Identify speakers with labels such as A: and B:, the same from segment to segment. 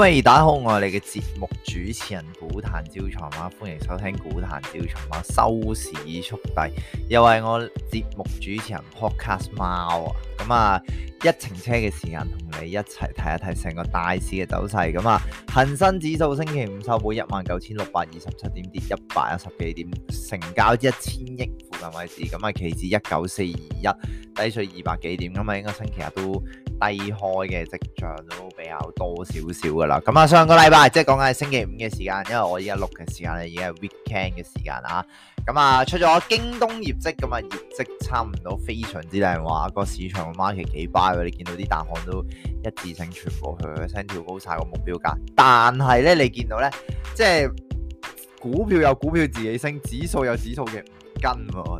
A: 歡迎打開我哋嘅節目主持人股壇招財貓，歡迎收聽股壇招財貓收市速遞，又係我節目主持人 Podcast 貓啊！咁啊，一程車嘅時間同你一齊睇一睇成個大市嘅走勢。咁啊，恒生指數星期五收報一萬九千六百二十七點跌，跌一百一十幾點，成交一千億附近位置。咁啊，期指一九四二一低水二百幾點。咁啊，應該星期日都低開嘅，跡象都比較多少少嘅。嗱，咁啊、嗯，上個禮拜即係講緊係星期五嘅時間，因為我依家錄嘅時間咧已經係 weekend 嘅時間啦，咁啊，出咗京東業績，咁啊業績差唔多非常之靚話，個、啊、市場 market 幾 buy，你見到啲大行都一致性全部去一聲跳高晒個目標價，但係咧你見到咧，即係股票有股票自己升，指數有指數嘅。跟、啊、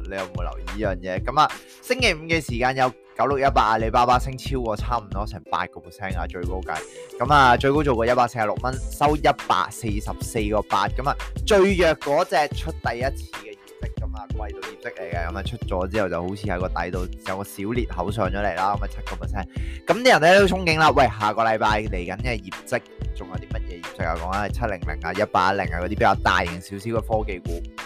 A: 你有冇留意依樣嘢？咁啊，星期五嘅時間有九六一八、阿里巴巴升超過啊，差唔多成八個 percent 啊，最高價。咁啊，最高做過一百四十六蚊，收一百四十四個八。咁啊，最弱嗰隻出第一次嘅業績噶嘛，季度業績嚟嘅。咁啊，出咗之後就好似喺個底度有個小裂口上咗嚟啦，咁啊七個 percent。咁啲、啊、人咧都憧憬啦，喂，下個禮拜嚟緊嘅業績仲有啲乜嘢業績啊？講啊，七零零啊，一八一零啊，嗰啲比較大型少少嘅科技股。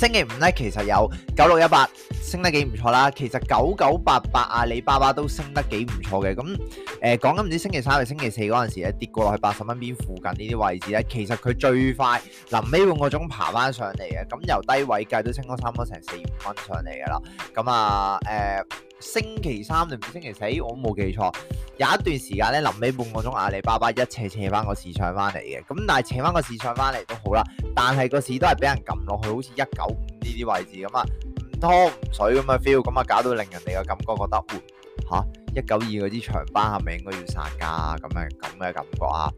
A: 星期五咧，其實有九六一八。升得幾唔錯啦，其實九九八八阿里巴巴都升得幾唔錯嘅。咁誒講緊唔知星期三定星期四嗰陣時咧，跌過落去八十蚊邊附近呢啲位置咧，其實佢最快臨尾半個鐘爬翻上嚟嘅。咁由低位計都升咗差唔多成四五蚊上嚟噶啦。咁啊誒，星期三定星期四我冇記錯，有一段時間咧臨尾半個鐘阿里巴巴一斜斜翻個市場翻嚟嘅。咁但係斜翻個市場翻嚟都好啦，但係個市都係俾人撳落去好似一九五呢啲位置咁啊。湯水咁嘅 feel，咁啊搞到令人哋嘅感覺覺得，吓，一九二嗰啲長班係咪應該要散噶？咁嘅咁嘅感覺啊，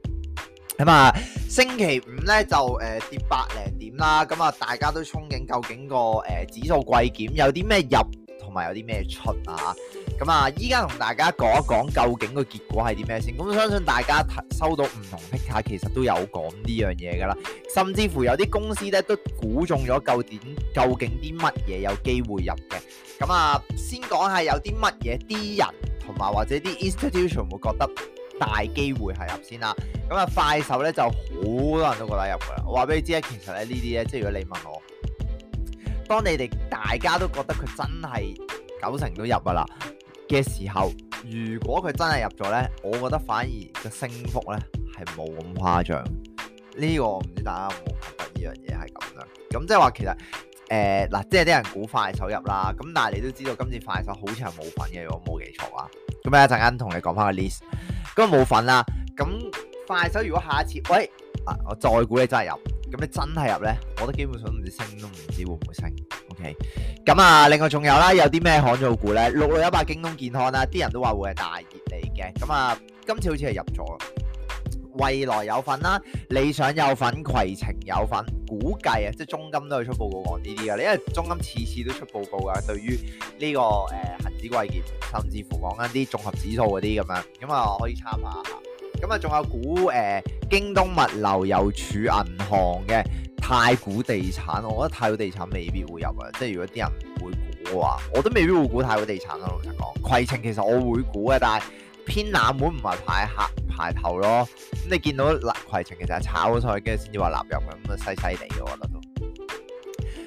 A: 咁啊星期五咧就誒、呃、跌百零點啦，咁啊大家都憧憬究竟個誒、呃、指數季檢有啲咩入同埋有啲咩出啊？咁啊，依家同大家講一講究竟個結果係啲咩先？咁、嗯、相信大家收到唔同 pick 其實都有講呢樣嘢噶啦，甚至乎有啲公司咧都估中咗，究竟究竟啲乜嘢有機會入嘅？咁、嗯、啊，先講下有啲乜嘢，啲人同埋或者啲 institution 會覺得大機會係入先啦。咁、嗯、啊，快手咧就好多人都覺得入噶啦。我話俾你知咧，其實咧呢啲咧，即係如果你問我，當你哋大家都覺得佢真係九成都入噶啦。嘅時候，如果佢真係入咗咧，我覺得反而個升幅咧係冇咁誇張。呢、這個唔知大家有冇覺得呢樣嘢係咁啦。咁即係話其實誒嗱、呃，即係啲人估快手入啦。咁但係你都知道今次快手好似係冇份嘅，如果冇記錯啊。咁咧一陣間同你講翻個 list。咁冇份啦。咁快手如果下一次，喂啊，我再估你真係入，咁你真係入咧，我都基本上唔知升都唔知會唔會升。咁啊、嗯，另外仲有啦，有啲咩罕做股呢？六六一八京東健康啦、啊，啲人都話會係大熱嚟嘅。咁、嗯、啊，今次好似係入咗，未來有份啦、啊，理想有份，携程有份，估計啊，即係中金都出報告講呢啲嘅，你因為中金次次都出報告噶，對於呢、這個誒恒指季檢，甚至乎講緊啲綜合指數嗰啲咁樣，咁、嗯、啊可以參考下，下。咁、嗯、啊，仲有股誒、呃、京東物流郵儲銀行嘅。太古地產，我覺得太古地產未必會入啊，即係如果啲人唔會估嘅話，我都未必會估太古地產咯、啊。老實講，攜程其實我會估嘅，但係偏冷門，唔係排客排頭咯。咁、嗯、你見到攜程其實係炒咗菜，跟住先至話納入嘅，咁啊細細地嘅，我覺得。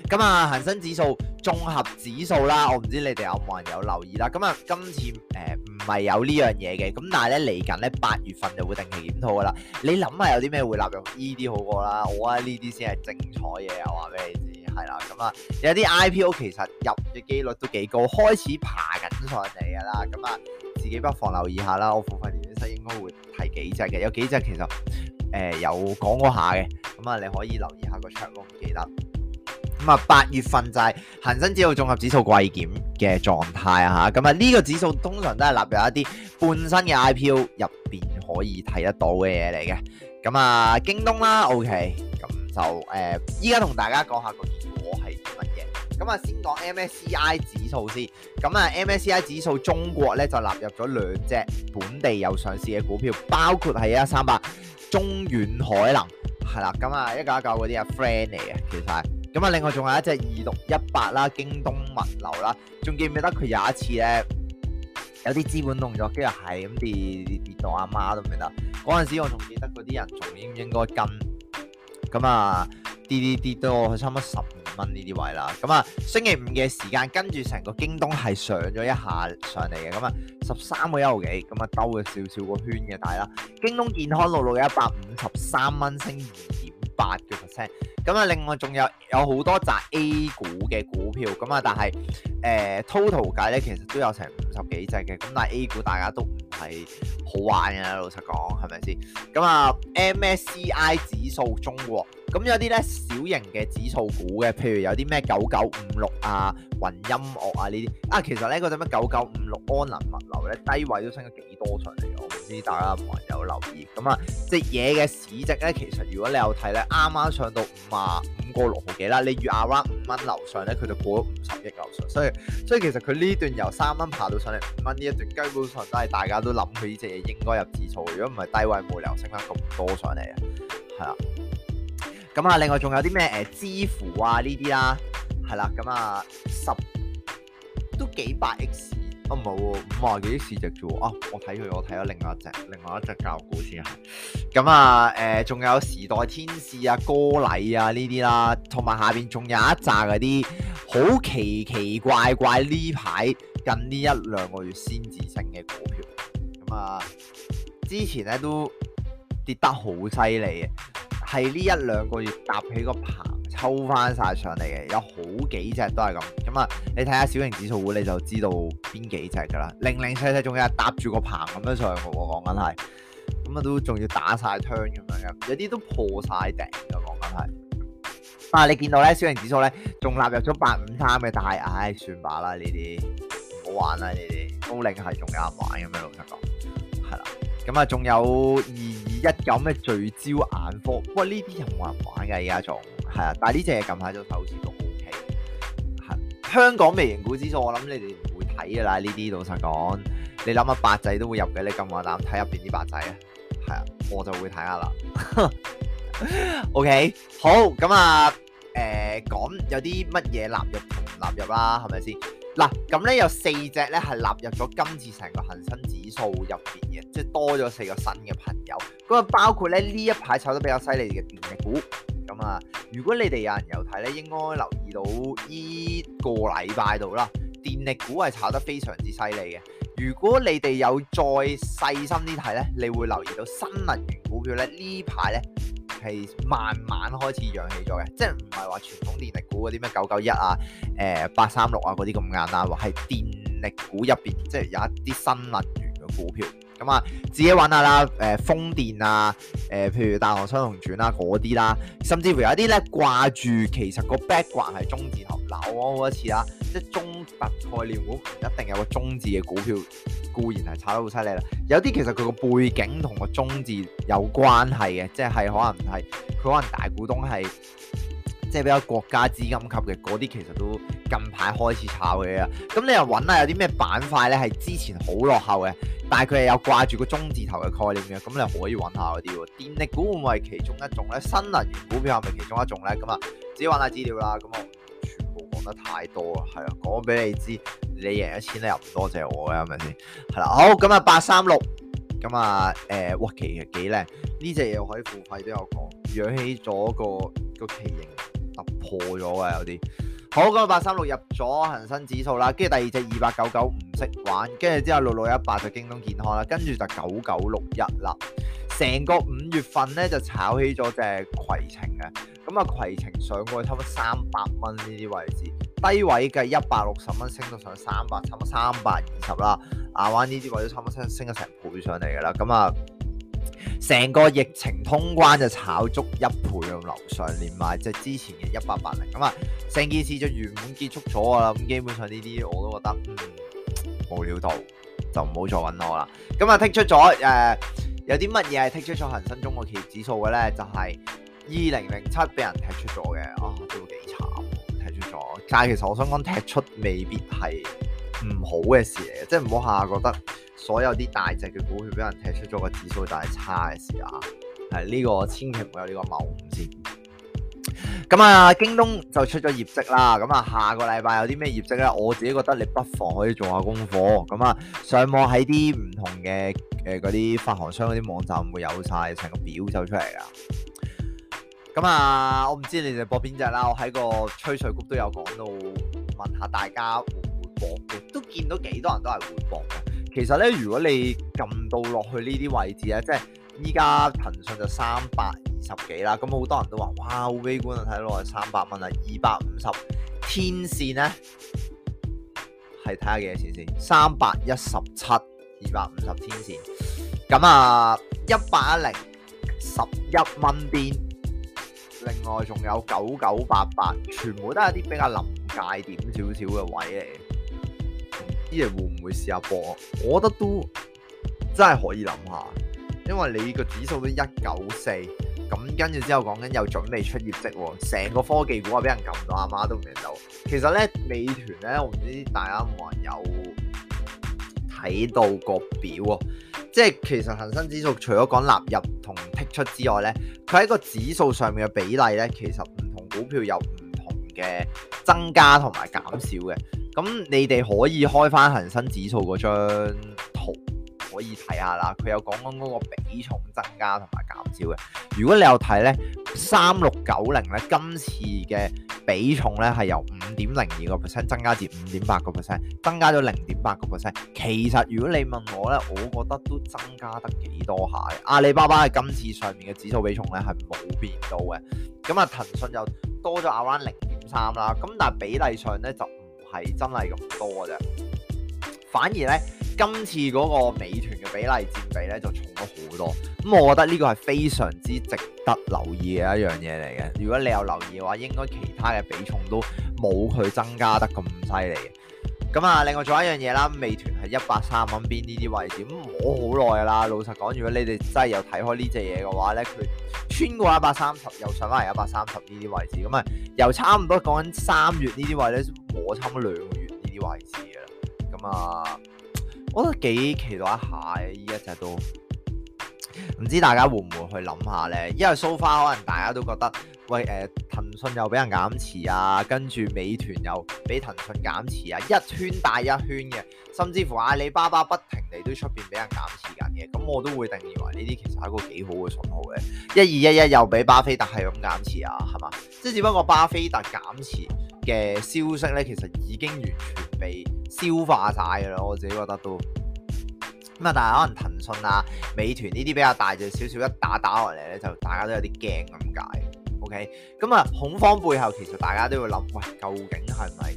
A: 咁啊，恒生指數綜合指數啦，我唔知你哋有冇人有留意啦。咁啊，今次誒唔係有呢樣嘢嘅，咁但係咧嚟緊咧八月份就會定期檢討噶啦。你諗下有啲咩會納入呢啲好過啦？我覺得呢啲先係精彩嘢又話俾你知，係啦。咁啊，有啲 IPO 其實入嘅機率都幾高，開始爬緊上嚟噶啦。咁啊，自己不妨留意下啦。我付費年經室應該會提幾隻嘅，有幾隻其實誒、呃、有講過下嘅。咁啊，你可以留意下、那個桌，我唔記得。咁啊，八月份就係恒生指數綜合指數季檢嘅狀態啊！嚇，咁啊，呢個指數通常都係納入一啲半新嘅 IPO 入邊可以睇得到嘅嘢嚟嘅。咁啊，京東啦，OK，咁就誒，依家同大家講下個結果係乜嘢。咁啊，先講 MSCI 指數先。咁啊，MSCI 指數中國咧就納入咗兩隻本地有上市嘅股票，包括係一一三八中遠海能。係啦。咁啊，一九一九嗰啲啊 friend 嚟嘅，其實係。咁啊，另外仲有一隻二六一八啦，京東物流啦，仲記唔記得佢有一次咧，有啲資本動作，跟住係咁跌，跌到阿媽都唔記得。嗰陣時我仲記得嗰啲人，仲應唔應該跟？咁、嗯、啊，跌跌跌到去差唔多十二蚊呢啲位啦。咁、嗯、啊，星期五嘅時間跟住成個京東係上咗一下上嚟嘅。咁、嗯、啊，十三個一毫幾，咁啊兜咗少少個圈嘅，但係啦，京東健康路路嘅一百五十三蚊升二八嘅 percent，咁啊，另外仲有有好多隻 A 股嘅股票，咁啊，但係誒 total 計咧，其實都有成五十幾隻嘅，咁但係 A 股大家都唔係好玩嘅，老實講係咪先？咁啊，MSCI 指數中國。咁有啲咧小型嘅指數股嘅，譬如有啲咩九九五六啊、雲音樂啊呢啲，啊其實咧嗰隻乜九九五六安能物流咧，低位都升咗幾多上嚟？我唔知，大家冇人有留意。咁啊，隻嘢嘅市值咧，其實如果你有睇咧，啱啱上到五啊五個六毫幾啦，你與亞灣五蚊樓上咧，佢就過咗五十億樓上，所以所以其實佢呢段由三蚊爬到上嚟五蚊呢一段，基本上都係大家都諗佢呢隻嘢應該入指數。如果唔係低位冇理由升翻咁多上嚟，啊。係啊。咁啊，另外仲有啲咩誒支付啊呢啲啦，係啦，咁啊十都幾百億市，啊，哦唔好五萬幾億市值啫喎，啊我睇佢，我睇咗另外一隻，另外一隻教育股先，咁啊誒，仲、呃、有時代天使啊、歌禮啊呢啲啦，同埋下邊仲有一紮嗰啲好奇奇怪怪呢排近呢一兩個月先至升嘅股票，咁、嗯、啊、嗯、之前咧都跌得好犀利嘅。係呢一兩個月搭起個棚，抽翻晒上嚟嘅，有好幾隻都係咁。咁啊，你睇下小型指數股，你就知道邊幾隻噶啦。零零細細仲有搭住個棚咁樣上，我講緊係，咁啊都仲要打晒槍咁樣嘅，有啲都破晒頂噶，講緊係。啊，你見到咧小型指數咧，仲納入咗八五三嘅，大。唉，算罷啦呢啲，唔好玩啦呢啲，高領係仲有人玩咁樣，老實講係啦。咁啊，仲有二一咁嘅聚焦眼科，喂，呢啲又冇唔玩嘅，而家仲係啊，但係呢隻嘢近排隻手指都 OK。係香港微型股指數，我諗你哋唔會睇嘅啦。呢啲老實講，你諗下八仔都會入嘅，你咁話膽睇入邊啲八仔啊？係啊，我就會睇下啦。 OK，好咁啊，誒講、呃、有啲乜嘢納入同唔納入啦，係咪先？嗱，咁咧有四隻咧係納入咗今次成個恆生指數入面嘅，即多咗四個新嘅朋友。咁啊，包括咧呢這一排炒得比較犀利嘅電力股。咁啊，如果你哋有人有睇咧，應該留意到呢個禮拜度啦，電力股係炒得非常之犀利嘅。如果你哋有再細心啲睇咧，你會留意到新能源股票咧呢排咧。係慢慢開始揚起咗嘅，即係唔係話傳統電力股啲咩九九一啊、誒八三六啊啲咁簡單，話係電力股入邊即係有一啲新能源嘅股票，咁啊自己揾下啦，誒、呃、風電啊，誒、呃、譬如大唐新能源啦啲啦，甚至乎有啲咧掛住，其實個 background 係中字頭。嗱，我好多次啊，即係中特概念股一定有個中字嘅股票，固然係炒得好犀利啦。有啲其實佢個背景同個中字有關係嘅，即係可能唔係佢可能大股東係即係比較國家資金級嘅嗰啲，其實都近排開始炒嘅啦。咁你又搵下有啲咩板塊咧，係之前好落後嘅，但係佢係有掛住個中字頭嘅概念嘅，咁你可以搵下嗰啲嘅。電力股會唔會係其中一種咧？新能源股票係咪其中一種咧？咁啊，自己搵下資料啦，咁啊。得太多啊，係啊，講俾你知，你贏咗錢咧又唔多謝我嘅，係咪先？係啦、啊，好，咁啊八三六，咁啊誒，窩企其實幾靚，呢隻嘢可以付費，都有講，養起咗個個旗形突破咗嘅有啲，好，咁八三六入咗恒生指數啦，跟住第二隻二八九九唔識玩，跟住之後六六一八就京東健康啦，跟住就九九六一啦，成個五月份咧就炒起咗隻攜程嘅，咁、嗯、啊攜程上過差唔多三百蚊呢啲位置。低位嘅一百六十蚊升到上三百，啊、差唔多三百二十啦。亞灣呢啲位都差唔多升升咗成倍上嚟嘅啦。咁、嗯、啊，成個疫情通關就炒足一倍，咁樓上連埋即係之前嘅一百八零。咁啊，成件事就完滿結束咗啦。咁基本上呢啲我都覺得、嗯、無料到就唔好再揾我啦。咁、嗯、啊剔出咗誒、呃、有啲乜嘢係剔出咗恒生中國企業指數嘅咧，就係二零零七俾人剔出咗嘅啊。但係其實我想講踢出未必係唔好嘅事嚟嘅，即係唔好下覺得所有啲大隻嘅股票俾人踢出咗個指數就，就係差嘅事啊！係呢個千祈唔好有呢個謬誤先。咁啊，京東就出咗業績啦。咁啊，下個禮拜有啲咩業績咧？我自己覺得你不妨可以做下功課。咁啊，上網喺啲唔同嘅誒嗰啲發行商嗰啲網站會有晒成個表走出嚟啊！咁啊，我唔知你哋播邊隻啦。我喺個吹水局都有講到，問下大家會唔會博嘅？都見到幾多人都係會博嘅。其實咧，如果你撳到落去呢啲位置咧，即係依家騰訊就三百二十幾啦。咁好多人都話：哇，好悲觀啊！睇落去三百蚊啊，二百五十天線咧，係睇下幾多錢先？三百一十七，二百五十天線。咁啊，一百一零十一蚊邊？外仲有九九八八，全部都係啲比較臨界點少少嘅位嚟，唔知會唔會試下播啊？我覺得都真係可以諗下，因為你個指數都一九四，咁跟住之後講緊又準備出業績，成個科技股啊俾人撳到阿媽都唔認得。其實咧，美團咧，我唔知大家有冇人有睇到個表啊？即係其實恒生指數除咗講納入同出之外呢，佢喺個指數上面嘅比例呢，其實唔同股票有唔同嘅增加同埋減少嘅。咁你哋可以開翻恒生指數嗰張圖。可以睇下啦，佢有講緊嗰個比重增加同埋減少嘅。如果你有睇呢，三六九零呢，今次嘅比重呢係由五點零二個 percent 增加至五點八個 percent，增加咗零點八個 percent。其實如果你問我呢，我覺得都增加得幾多下嘅。阿里巴巴喺今次上面嘅指數比重呢係冇變到嘅。咁啊，騰訊就多咗 around 零點三啦。咁但係比例上呢，就唔係真係咁多嘅啫，反而呢，今次嗰個美團嘅比例佔比咧就重咗好多，咁、嗯、我覺得呢個係非常之值得留意嘅一樣嘢嚟嘅。如果你有留意嘅話，應該其他嘅比重都冇佢增加得咁犀利。咁啊，另外仲有一樣嘢啦，美團係一百三十蚊邊呢啲位置，咁摸好耐噶啦。老實講，如果你哋真係有睇開呢隻嘢嘅話咧，佢穿過一百三十又上翻嚟一百三十呢啲位置，咁、嗯、啊又差唔多講緊三月呢啲位咧，摸差唔多兩個月呢啲位置嘅啦。咁啊～、嗯嗯我覺得幾期待一下，呢一隻都唔知大家會唔會去諗下呢？因為 so far 可能大家都覺得，喂誒、呃，騰訊又俾人減持啊，跟住美團又俾騰訊減持啊，一圈大一圈嘅，甚至乎阿里巴巴不停地都出面俾人減持緊嘅，咁我都會定義為呢啲其實係一個幾好嘅信號嘅。一二一一又俾巴菲特係咁減持啊，係嘛？即係只不過巴菲特減持。嘅消息咧，其實已經完全被消化晒噶啦，我自己覺得都咁啊。但係可能騰訊啊、美團呢啲比較大隻少少，小小一打打落嚟咧，就大家都有啲驚咁解。OK，咁啊，恐慌背後其實大家都會諗，喂，究竟係咪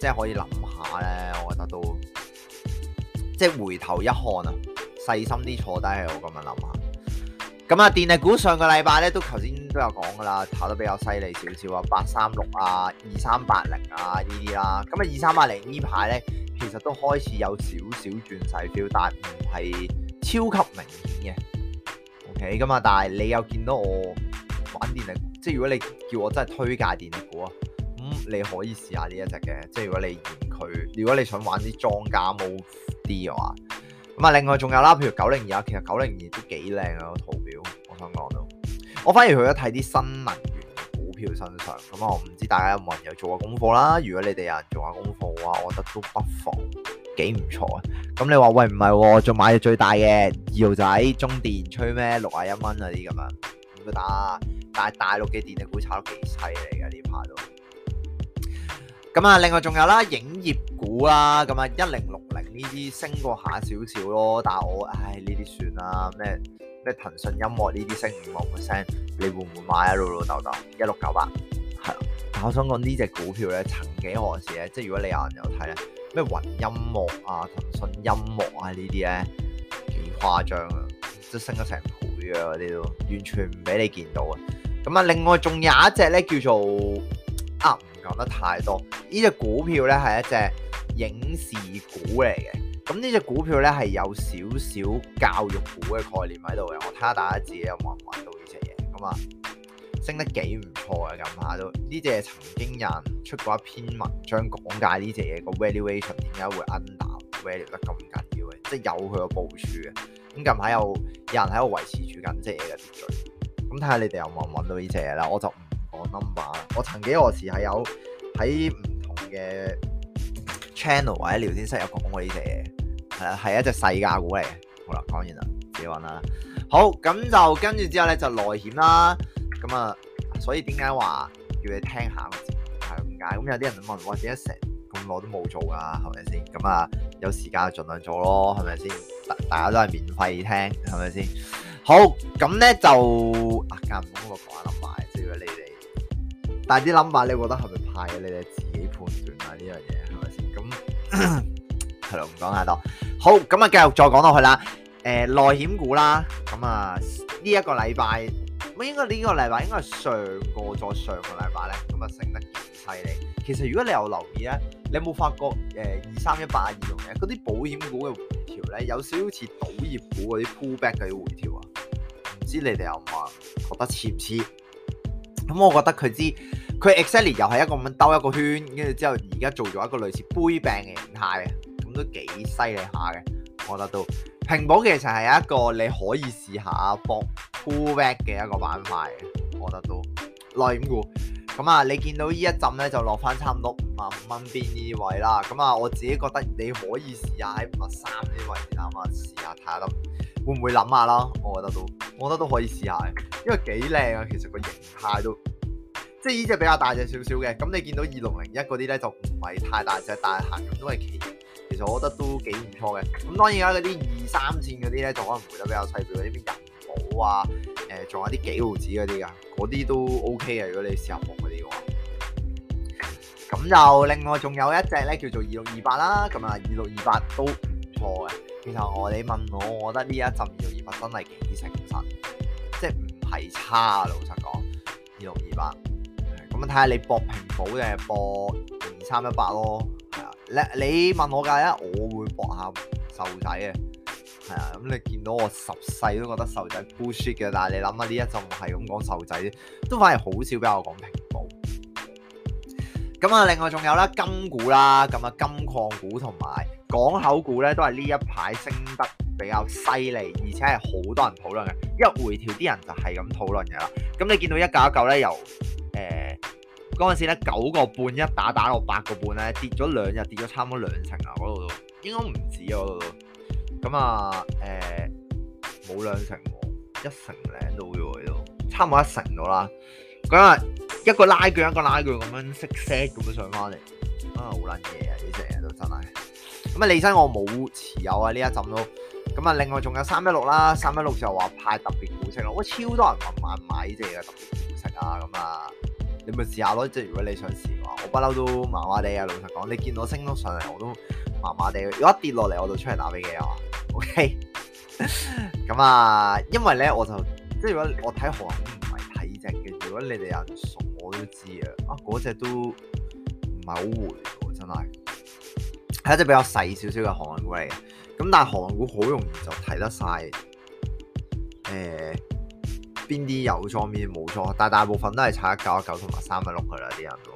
A: 即係可以諗下咧？我覺得都即係回頭一看啊，細心啲坐低喺我咁樣諗下。咁啊、嗯，電力股上個禮拜咧，都頭先都有講噶啦，炒得比較犀利少少啊，八三六啊，二三八零啊呢啲啦。咁、嗯、啊，二三八零呢排咧，其實都開始有少少轉勢 feel，但唔係超級明顯嘅。OK，咁、嗯、啊，但係你又見到我，我玩電力股，即係如果你叫我真係推介電力股啊，咁、嗯、你可以試下呢一隻嘅。即係如果你嫌佢，如果你想玩啲莊家冇啲嘅話。咁啊，另外仲有啦，譬如九零二啊，其實九零二都幾靚啊，個圖表。我想講到，我反而去咗睇啲新能源股票身上。咁啊，我唔知大家有冇人又做過功課啦。如果你哋有人做下功課嘅話，我覺得都不妨幾唔錯啊。咁你話喂唔係，仲、哦、買最大嘅二號仔中電吹咩六啊一蚊嗰啲咁樣咁該打。但係大陸嘅電力股炒得幾犀利㗎呢排都。咁啊，另外仲有啦，影業股啦。咁啊，一零六。呢啲升過下少少咯，但係我唉呢啲算啦，咩咩騰訊音樂呢啲升五個 percent，你會唔會買啊？老老豆豆一六九八，係啦。但我想講呢隻股票咧，曾幾何時咧，即係如果你有人有睇咧，咩雲音樂啊、騰訊音樂啊呢啲咧，幾誇張啊，即升咗成倍啊，嗰啲都完全唔俾你見到啊。咁啊，另外仲有一隻咧叫做啊，唔講得太多。呢隻股票咧係一隻。影視股嚟嘅，咁呢隻股票咧係有少少教育股嘅概念喺度嘅，我睇下大家自己有冇揾到呢隻嘢咁啊，升得幾唔錯嘅近排都，呢隻曾經有人出過一篇文章講解呢隻嘢個 valuation 點解會 under value 得咁緊要嘅，即係有佢個部署嘅，咁近排有有人喺度維持住緊呢隻嘢嘅秩序，咁睇下你哋有冇揾到呢隻嘢啦，我就唔講 number 啦，我曾幾何時係有喺唔同嘅 channel 或者聊天室有講過呢啲嘢，係啊，係一隻細價股嚟嘅。好啦，講完啦，自己揾啦。好，咁就跟住之後咧，就內險啦。咁啊，所以點解話叫你聽下？係咁解？咁有啲人問，或者成咁耐都冇做噶、啊，係咪先？咁啊，有時間就儘量做咯，係咪先？大家都係免費聽，係咪先？好，咁咧，就間唔中我講下諗法，即係如果你哋。但係啲諗法，你覺得係咪派嘅？你哋自己判斷啦、啊，呢樣嘢。係啦，唔講 太多。好，咁啊，繼續再講到去啦。誒、呃，內險股啦，咁啊呢一、這個禮拜，咁應該呢個禮拜應該係上個再上個禮拜咧，咁啊升得幾犀利。其實如果你有留意咧，你有冇發覺誒二三一八二零嘅嗰啲保險股嘅回調咧，有少少似賭業股嗰啲 pullback 嘅回調啊？唔知你哋有冇啊？覺得似唔似？咁我覺得佢知。佢 Excel 又係一個咁樣兜一個圈，跟住之後而家做咗一個類似杯柄嘅形態嘅，咁都幾犀利下嘅，我覺得都。蘋果其實係一個你可以試下搏 Pullback 嘅一個板塊，我覺得都。內險股，咁、哦嗯嗯、啊，你見到一呢一浸咧就落翻差唔多五萬五蚊邊呢位啦，咁、嗯、啊，我自己覺得你可以試下喺五萬三呢位你諗下試下睇下諗會唔會諗下啦，我覺得都，我覺得都可以試下嘅，因為幾靚啊，其實個形態都。即係呢隻比較大隻少少嘅，咁你見到二六零一嗰啲咧就唔係太大隻，但係行咁都係企。其實我覺得都幾唔錯嘅。咁當然啦，嗰啲二三線嗰啲咧就可能回得比較細，譬如啲入寶啊，誒、呃、仲有啲幾毫子嗰啲噶，嗰啲都 O K 嘅。如果你試下望嗰啲嘅話，咁就另外仲有一隻咧叫做二六二八啦。咁啊，二六二八都唔錯嘅。其實我你問我，我覺得呢一陣二六二八真係幾誠實，即係唔係差、啊、老實講，二六二八。睇下你博平保定係博二三一八咯，你、啊、你問我噶，我會博下瘦仔嘅，係啊。咁你見到我十世都覺得瘦仔 g o 嘅，但係你諗下呢一陣係咁講瘦仔，都反而好少俾我講平保。咁啊，另外仲有啦，金股啦，咁啊金礦股同埋港口股咧，都係呢一排升得比較犀利，而且係好多人討論嘅。一回調啲人就係咁討論嘅啦。咁你見到一嚿一嚿咧，又～嗰陣時咧九個半一打打落八個半咧跌咗兩日跌咗差唔多兩成啊！嗰度都應該唔止啊！咁啊，誒，冇、呃、兩成，一成零到咗喎，差唔多一成到啦。咁啊，一個拉鋸，一個拉鋸咁樣息息咁樣上返嚟，真係好撚嘢啊！呢隻嘢都真係。咁啊，李生我冇持有啊呢一浸都。咁啊，另外仲有三一六啦，三一六就話派特別股息咯，哇、欸，超多人問買唔買呢隻嘢特別股息啊！咁啊。你咪試下咯，即係如果你想試嘅話，我不嬲都麻麻地啊！老實講，你見到升到上嚟，我都麻麻地；如果一跌落嚟，我就出嚟打俾你啊！OK，咁 啊，因為咧我就即係如果我睇韓股唔係睇隻嘅，如果你哋有人熟，我都知啊！啊嗰隻都唔係好回喎，真係係一隻比較細少少嘅韓股嚟嘅，咁但係韓股好容易就睇得晒。誒、欸。邊啲有莊，面冇莊，但大，大部分都係炒一九一九同埋三一六佢啦，啲人都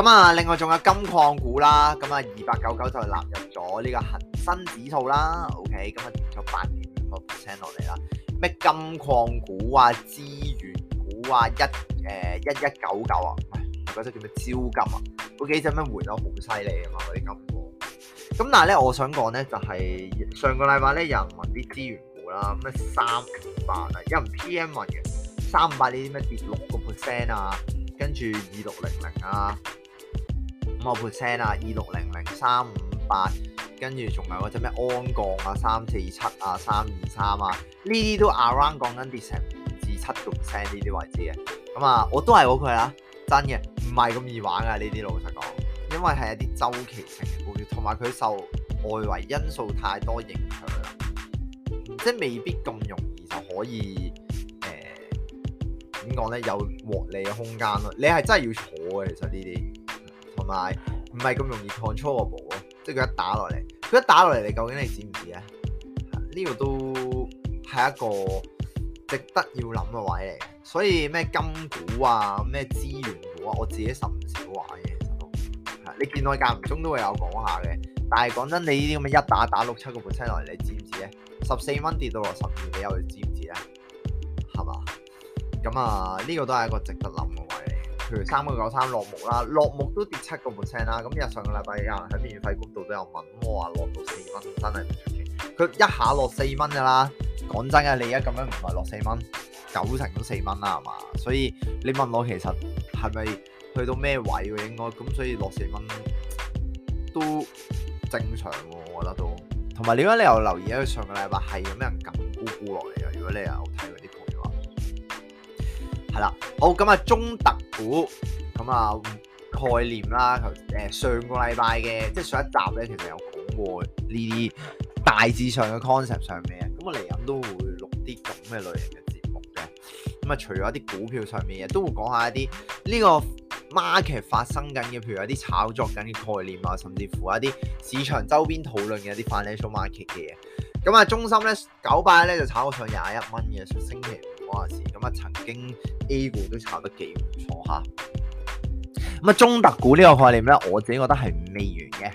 A: 咁啊。另外仲有金礦股啦，咁啊二八九九就納入咗呢個恒生指數啦。O K，咁啊跌咗八年個 percent 落嚟啦。咩金礦股啊、資源股啊、一誒一一九九啊，唔係嗰隻叫咩招金啊？嗰幾隻咩換得好犀利啊嘛，嗰啲金股、啊。咁但係咧，我想講咧就係、是、上個禮拜咧有人問啲資源。啦咩三五八啊，有人 P M 問嘅三五八呢啲咩跌六個 percent 啊，跟住二六零零啊，五個 percent 啊，二六零零三五八，跟住仲有嗰隻咩鞍鋼啊，三四七啊，三二三啊，呢啲都 around 講緊跌成五至七個 percent 呢啲位置嘅，咁啊我都係好佢啊。真嘅唔係咁易玩啊。呢啲老實講，因為係一啲周期性嘅股票，同埋佢受外圍因素太多影響。即係未必咁容易就可以，誒、呃，點講咧？有獲利嘅空間咯。你係真係要坐嘅，其實呢啲，同埋唔係咁容易 controllable 咯。即係佢一打落嚟，佢一打落嚟，你究竟你知唔知咧？呢、這個都係一個值得要諗嘅位嚟嘅。所以咩金股啊，咩資源股啊，我自己甚少玩嘅。其實你見我間唔中都會有講下嘅，但係講真，你呢啲咁嘅一打打六七個盤出嚟，你知唔知咧？十四蚊跌到落十二幾，有你知唔知啊？係嘛？咁啊，呢個都係一個值得諗嘅位。譬如三個九三落墨啦，落墨都跌七個 percent 啦。咁、啊嗯、日上個禮拜有人喺免費股度都有問我，話落到四蚊真係唔出奇。佢一下落四蚊㗎啦。講真啊，你而家咁樣唔係落四蚊，九成都四蚊啦，係嘛？所以你問我其實係咪去到咩位喎、啊？應該咁，所以落四蚊都正常喎、啊，我覺得都。同埋點解你又留意喺佢上個禮拜係有咩人撳沽沽落嚟啊？如果你又睇嗰啲盤嘅話，係啦。好，咁啊，中特股咁啊概念啦。誒、呃、上個禮拜嘅即係上一集咧，其實有講過呢啲大致上嘅 concept 上面啊。咁我嚟緊都會錄啲咁嘅類型嘅節目嘅。咁啊，除咗啲股票上面啊，都會講下一啲呢個。Market 發生緊嘅，譬如有啲炒作緊嘅概念啊，甚至乎一啲市場周邊討論嘅一啲 financial market 嘅嘢。咁啊，中心咧九百咧就炒咗上廿一蚊嘅，上星期五嗰陣時。咁啊，曾經 A 股都炒得幾唔錯嚇。咁啊，中特股呢個概念咧，我自己覺得係未完嘅，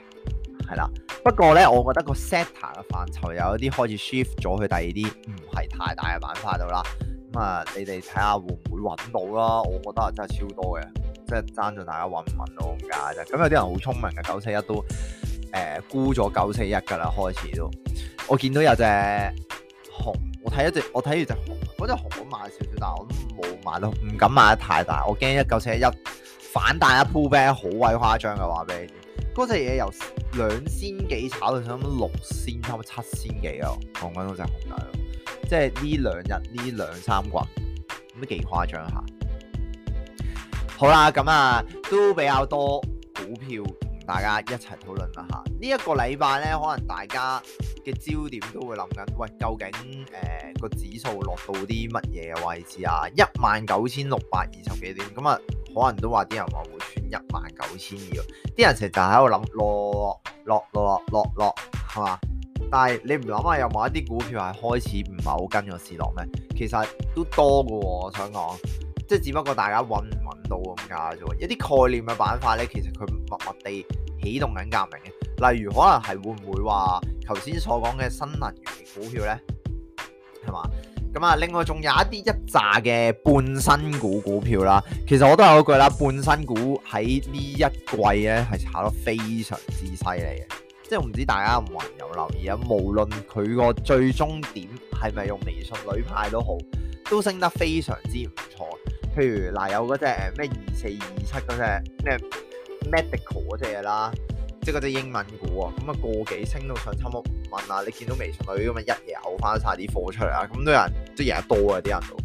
A: 係啦。不過咧，我覺得個 sector 嘅範疇有一啲開始 shift 咗去第二啲唔係太大嘅板塊度啦。咁啊，你哋睇下會唔會揾到咯？我覺得真係超多嘅。即係爭盡大家唔運咯，咁解啫。咁有啲人好聰明嘅，九四一都誒、呃、沽咗九四一噶啦，開始都我見到有隻熊，我睇一隻，我睇住隻熊，嗰隻熊點點我都買少少，但係我都冇買咯，唔敢買得太大，我驚一九四一反彈一 pullback 好鬼誇張嘅話俾你知，嗰隻嘢由兩千幾炒到成六千，差唔多七千幾啊！講緊嗰隻熊仔，即係呢兩日呢兩三日，咁都幾誇張下。好啦，咁啊都比較多股票同大家一齊討論啦吓。呢、這、一個禮拜呢，可能大家嘅焦點都會諗緊，喂，究竟誒、呃、個指數落到啲乜嘢位置啊？一萬九千六百二十幾點，咁啊，可能都話啲人話會穿一萬九千二，啲人成日喺度諗落落落落落落，係嘛？但係你唔諗下，有冇一啲股票係開始唔係好跟咗市落咩？其實都多嘅，啊，我想講。即係只不過大家揾唔揾到咁架啫喎，一啲概念嘅板塊咧，其實佢默默地起動緊革命嘅。例如可能係會唔會話頭先所講嘅新能源股票咧，係嘛？咁啊，另外仲有一啲一扎嘅半新股股票啦。其實我都係嗰句啦，半新股喺呢一季咧係炒得非常之犀利嘅。即係唔知大家有冇人有留意啊？無論佢個最終點係咪用微信女派都好，都升得非常之唔錯。譬如嗱，有嗰隻誒咩二四二七嗰隻咩 medical 嗰隻嘢啦，即係嗰隻英文股啊，咁啊個幾升到上七蚊啊，你見到微信女咁啊一夜厚翻晒啲貨出嚟啊，咁有人，人都贏得多啊啲人都。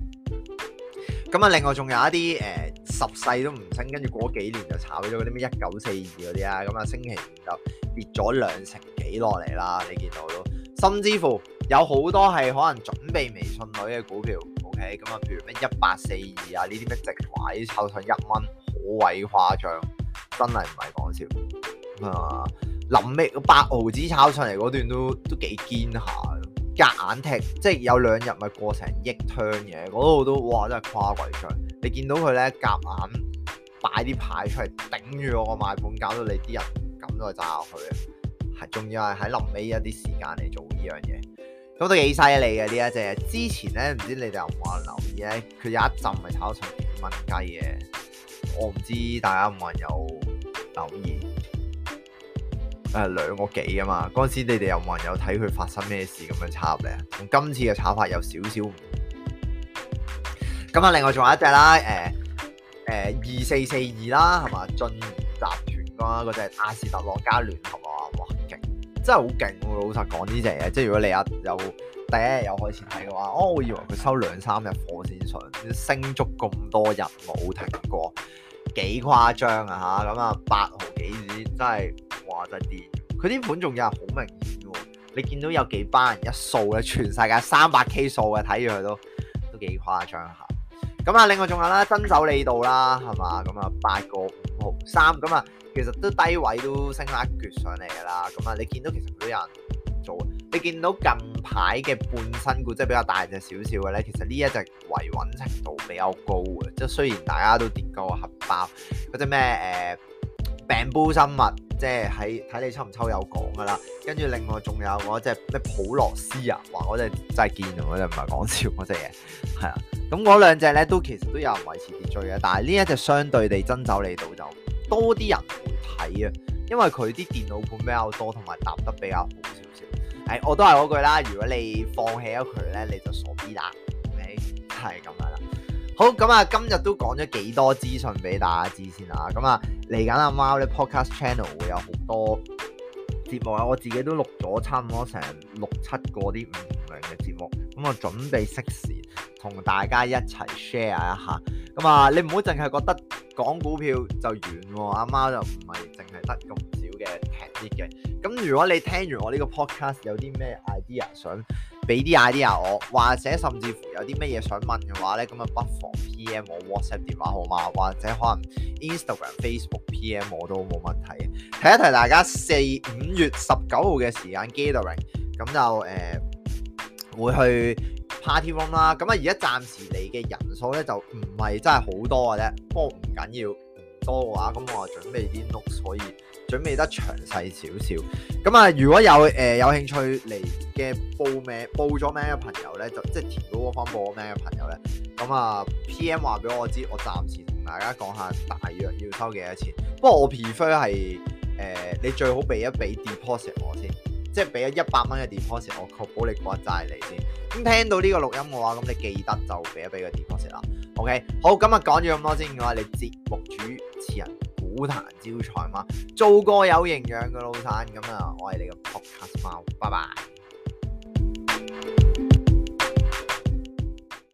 A: 咁、嗯、啊，另外仲有一啲誒、呃、十世都唔升，跟住過幾年就炒咗啲咩一九四二嗰啲啊，咁、嗯、啊星期五就跌咗兩成幾落嚟啦，你見到都。甚至乎有好多係可能準備微信女嘅股票。咁啊，譬如咩一八四二啊，呢啲咩值位炒上一蚊，好鬼誇張，真係唔係講笑。咁、mm. 啊，臨尾八毫子炒上嚟嗰段都都幾堅下，夾硬踢，即係有兩日咪過成億㗎嘢，嗰度都哇真係誇鬼張。你見到佢咧夾硬擺啲牌出嚟頂住我個賣盤，搞到你啲人咁都係炸落去啊！係，仲要係喺臨尾一啲時間嚟做呢樣嘢。咁都幾犀利嘅呢一隻。之前咧，唔知你哋有冇人留意咧？佢有一陣咪炒咗成幾蚊雞嘅。我唔知大家有冇人有留意。誒、呃、兩個幾啊嘛。嗰陣時你哋有冇人有睇佢發生咩事咁樣插入咧？同今次嘅炒法有少少唔同。咁、嗯、啊，另外仲有一隻啦，誒誒二四四二啦，係、呃、嘛？42，進集團啦，嗰隻亞視特洛加聯合啊！真係好勁喎！老實講呢隻嘢，即係如果你阿有第一日有開始睇嘅話，哦，我以為佢收兩三日貨先上，升足咁多日冇停過，幾誇張啊嚇！咁、嗯、啊八毫幾紙，真係唔話得啲。佢啲盤仲有好明顯喎、啊，你見到有幾班人一掃嘅，全世界三百 K 掃嘅，睇住佢都都幾誇張嚇、啊。咁、嗯、啊，另外仲有啦，真走你度啦，係嘛？咁、嗯、啊、嗯、八個五毫三，咁、嗯、啊。嗯其實都低位都升甩撅上嚟噶啦，咁啊你見到其實都有人做，你見到近排嘅半新股即係比較大隻少少嘅咧，其實呢一隻維穩程度比較高嘅，即係雖然大家都跌過個盒包，嗰隻咩誒病煲生物，即係喺睇你抽唔抽有講噶啦，跟住另外仲有嗰隻咩普洛斯啊，話嗰隻真係堅到，嗰隻唔係講笑嗰隻嘢，係啊，咁嗰兩隻咧都其實都有人維持秩序嘅，但係呢一隻相對地爭走你到就。多啲人會睇啊，因為佢啲電腦盤比較多，同埋答得比較好少少。誒、哎，我都係嗰句啦，如果你放棄咗佢咧，你就傻 B 啦 o 係咁樣啦。好，咁啊，今日都講咗幾多資訊俾大家知先啊。咁啊，嚟緊阿貓咧 Podcast Channel 會有好多節目啊，我自己都錄咗差唔多成六七個啲唔同類嘅節目，咁、啊、我準備釋時同大家一齊 share 一下。咁啊，你唔好淨係覺得講股票就遠喎、哦，阿媽就唔係淨係得咁少嘅劇啲嘅。咁如果你聽完我呢個 podcast 有啲咩 idea 想俾啲 idea 我，或者甚至乎有啲咩嘢想問嘅話咧，咁啊不妨 PM 我 WhatsApp 電話號碼，或者可能 Instagram、Facebook PM 我都冇問題嘅。提一提大家四五月十九號嘅時間 gathering，咁就誒、呃、會去。Party room 啦，咁啊而家暫時嚟嘅人數咧就唔係真係好多嘅啫，不過唔緊要，唔多嘅話，咁我就準備啲 note 可以準備得詳細少少。咁啊如果有誒、呃、有興趣嚟嘅報名報咗名嘅朋友咧，就即係填到 One 方報咗名嘅朋友咧，咁啊 PM 話俾我,我知，我暫時同大家講下大約要收幾多錢。不過我 prefer 係誒、呃、你最好俾一俾 deposit 我先。即係畀一一百蚊嘅 deposit 我確保你個債嚟先。咁聽到呢個錄音嘅話，咁你記得就畀一畀個 deposit 啦。OK，好，咁啊，講咗咁多先嘅話，你節目主持人股壇招財貓，做個有營養嘅老闆，咁啊，我係你嘅 Podcast 貓，拜拜。